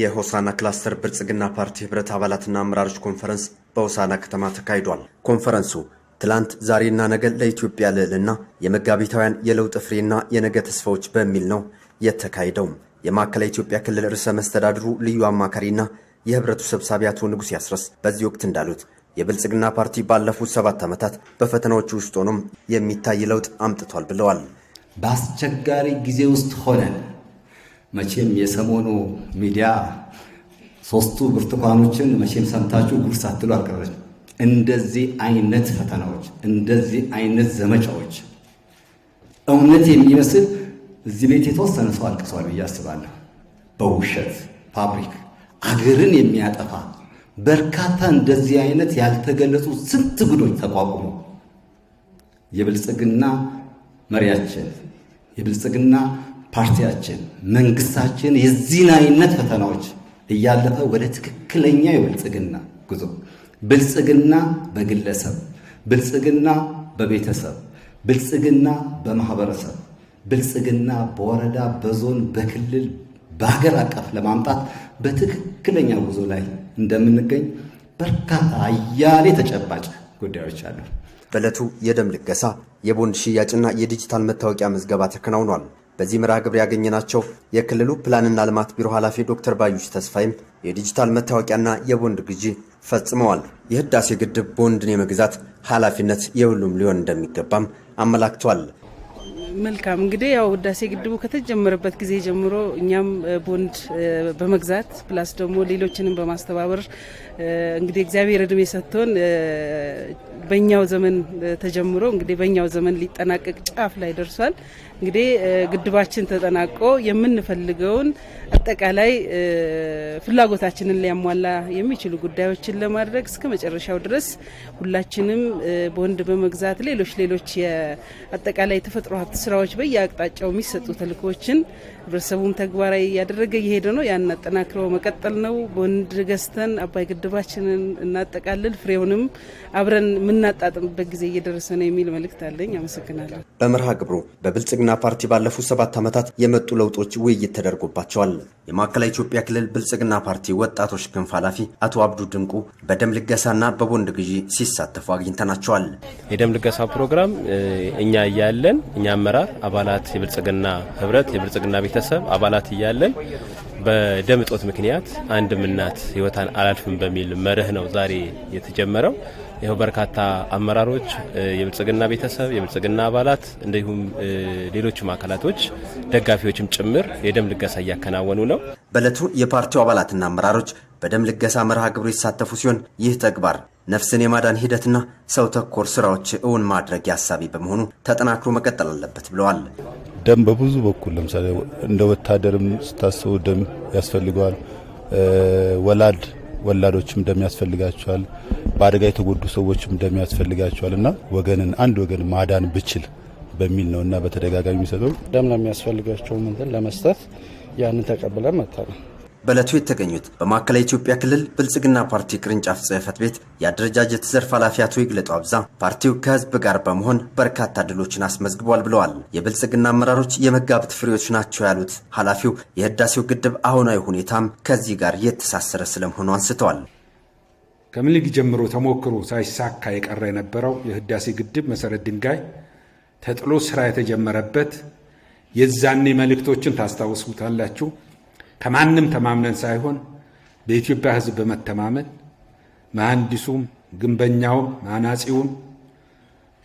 የሆሳና ክላስተር ብልጽግና ፓርቲ ህብረት አባላትና አመራሮች ኮንፈረንስ በሆሳና ከተማ ተካሂዷል። ኮንፈረንሱ ትላንት ዛሬና ነገ ለኢትዮጵያ ልዕልና የመጋቢታውያን የለውጥ ፍሬና የነገ ተስፋዎች በሚል ነው የተካሄደው። የማዕከላዊ ኢትዮጵያ ክልል ርዕሰ መስተዳድሩ ልዩ አማካሪና የህብረቱ ሰብሳቢ አቶ ንጉሥ ያስረስ በዚህ ወቅት እንዳሉት የብልጽግና ፓርቲ ባለፉት ሰባት ዓመታት በፈተናዎቹ ውስጥ ሆኖም የሚታይ ለውጥ አምጥቷል ብለዋል። በአስቸጋሪ ጊዜ ውስጥ ሆነን መቼም የሰሞኑ ሚዲያ ሶስቱ ብርቱካኖችን መቼም ሰምታችሁ ጉድ ሳትሉ አልቀረችም። እንደዚህ አይነት ፈተናዎች፣ እንደዚህ አይነት ዘመቻዎች እውነት የሚመስል እዚህ ቤት የተወሰነ ሰው አልቅሰዋል ብዬ አስባለሁ። በውሸት ፋብሪክ አገርን የሚያጠፋ በርካታ እንደዚህ አይነት ያልተገለጹ ስንት ጉዶች ተቋቁሞ የብልጽግና መሪያችን የብልጽግና ፓርቲያችን፣ መንግስታችን የዚህን አይነት ፈተናዎች እያለፈ ወደ ትክክለኛ የብልጽግና ጉዞ ብልጽግና በግለሰብ ብልጽግና በቤተሰብ ብልጽግና በማህበረሰብ ብልጽግና በወረዳ በዞን በክልል በሀገር አቀፍ ለማምጣት በትክክለኛ ጉዞ ላይ እንደምንገኝ በርካታ አያሌ ተጨባጭ ጉዳዮች አሉ። በዕለቱ የደም ልገሳ፣ የቦንድ ሽያጭና የዲጂታል መታወቂያ ምዝገባ ተከናውኗል። በዚህ መርሃ ግብር ያገኘናቸው የክልሉ ፕላንና ልማት ቢሮ ኃላፊ ዶክተር ባዩሽ ተስፋይም የዲጂታል መታወቂያና የቦንድ ግዢ ፈጽመዋል። የህዳሴ ግድብ ቦንድን የመግዛት ኃላፊነት የሁሉም ሊሆን እንደሚገባም አመላክቷል። መልካም እንግዲህ ያው ህዳሴ ግድቡ ከተጀመረበት ጊዜ ጀምሮ እኛም ቦንድ በመግዛት ፕላስ ደግሞ ሌሎችንም በማስተባበር እንግዲህ እግዚአብሔር እድሜ ሰጥቶን በእኛው ዘመን ተጀምሮ እንግዲህ በእኛው ዘመን ሊጠናቀቅ ጫፍ ላይ ደርሷል። እንግዲህ ግድባችን ተጠናቆ የምንፈልገውን አጠቃላይ ፍላጎታችንን ሊያሟላ የሚችሉ ጉዳዮችን ለማድረግ እስከ መጨረሻው ድረስ ሁላችንም ቦንድ በመግዛት ሌሎች ሌሎች አጠቃላይ ተፈጥሮ ሀብት ስራዎች በየአቅጣጫው የሚሰጡ ተልኮችን ህብረተሰቡም ተግባራዊ እያደረገ እየሄደ ነው። ያን አጠናክሮ መቀጠል ነው። ወንድ ገዝተን አባይ ግድባችንን እናጠቃልል፣ ፍሬውንም አብረን የምናጣጥምበት ጊዜ እየደረሰ ነው የሚል መልእክት አለኝ። አመሰግናለሁ። በመርሃ ግብሩ በብልጽግና ፓርቲ ባለፉት ሰባት ዓመታት የመጡ ለውጦች ውይይት ተደርጎባቸዋል። የማዕከላዊ ኢትዮጵያ ክልል ብልጽግና ፓርቲ ወጣቶች ክንፍ ኃላፊ አቶ አብዱ ድንቁ በደም ልገሳና በቦንድ ግዢ ሲሳተፉ አግኝተናቸዋል። የደም ልገሳ ፕሮግራም እኛ እያለን እኛ አመራር አባላት የብልጽግና ህብረት የብልጽግና ቤተሰብ አባላት እያለን በደም እጦት ምክንያት አንድም እናት ህይወቷን አላልፍም በሚል መርህ ነው ዛሬ የተጀመረው። ይኸው በርካታ አመራሮች የብልጽግና ቤተሰብ የብልጽግና አባላት እንዲሁም ሌሎችም አካላቶች ደጋፊዎችም ጭምር የደም ልገሳ እያከናወኑ ነው። በእለቱ የፓርቲው አባላትና አመራሮች በደም ልገሳ መርሃ ግብሩ የተሳተፉ ሲሆን ይህ ተግባር ነፍስን የማዳን ሂደትና ሰው ተኮር ስራዎች እውን ማድረግ ያሳቢ በመሆኑ ተጠናክሮ መቀጠል አለበት ብለዋል። ደም በብዙ በኩል ለምሳሌ እንደ ወታደርም ስታስቡ ደም ያስፈልገዋል። ወላድ ወላዶችም ደም ያስፈልጋቸዋል። በአደጋ የተጎዱ ሰዎችም ደም ያስፈልጋቸዋል እና ወገንን አንድ ወገን ማዳን ብችል በሚል ነው እና በተደጋጋሚ የሚሰጠው ደም ለሚያስፈልጋቸው ምንትን ለመስጠት ያንን ተቀብለን መጥተናል። በዕለቱ የተገኙት በማዕከላዊ ኢትዮጵያ ክልል ብልጽግና ፓርቲ ቅርንጫፍ ጽህፈት ቤት የአደረጃጀት ዘርፍ ኃላፊ አቶ ይግለጡ አብዛ ፓርቲው ከህዝብ ጋር በመሆን በርካታ ድሎችን አስመዝግቧል ብለዋል። የብልጽግና አመራሮች የመጋብት ፍሬዎች ናቸው ያሉት ኃላፊው የህዳሴው ግድብ አሁናዊ ሁኔታም ከዚህ ጋር የተሳሰረ ስለመሆኑ አንስተዋል። ከምኒልክ ጀምሮ ተሞክሮ ሳይሳካ የቀረ የነበረው የህዳሴ ግድብ መሰረት ድንጋይ ተጥሎ ስራ የተጀመረበት የዛኔ መልእክቶችን ታስታውሱታላችሁ። ከማንም ተማምነን ሳይሆን በኢትዮጵያ ሕዝብ በመተማመን መሐንዲሱም፣ ግንበኛውም፣ አናጺውም፣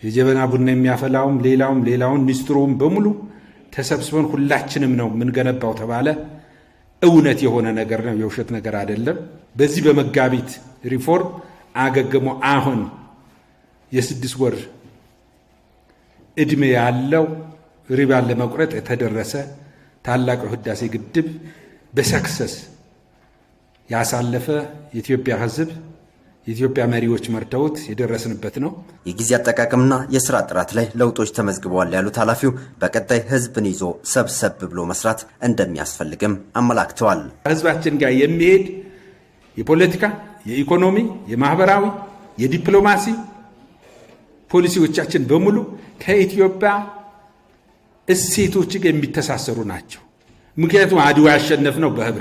የጀበና ቡና የሚያፈላውም፣ ሌላውም ሌላውን ሚኒስትሩም በሙሉ ተሰብስበን ሁላችንም ነው የምንገነባው ተባለ። እውነት የሆነ ነገር ነው፣ የውሸት ነገር አይደለም። በዚህ በመጋቢት ሪፎርም አገግሞ አሁን የስድስት ወር እድሜ ያለው ሪባን ለመቁረጥ የተደረሰ ታላቅ ህዳሴ ግድብ በሰክሰስ ያሳለፈ የኢትዮጵያ ህዝብ የኢትዮጵያ መሪዎች መርተውት የደረስንበት ነው። የጊዜ አጠቃቀምና የስራ ጥራት ላይ ለውጦች ተመዝግበዋል ያሉት ኃላፊው በቀጣይ ህዝብን ይዞ ሰብሰብ ብሎ መስራት እንደሚያስፈልግም አመላክተዋል። ከህዝባችን ጋር የሚሄድ የፖለቲካ፣ የኢኮኖሚ፣ የማህበራዊ፣ የዲፕሎማሲ ፖሊሲዎቻችን በሙሉ ከኢትዮጵያ እሴቶች ጋር የሚተሳሰሩ ናቸው። ምክንያቱም አድዋ ያሸነፍነው በህብረት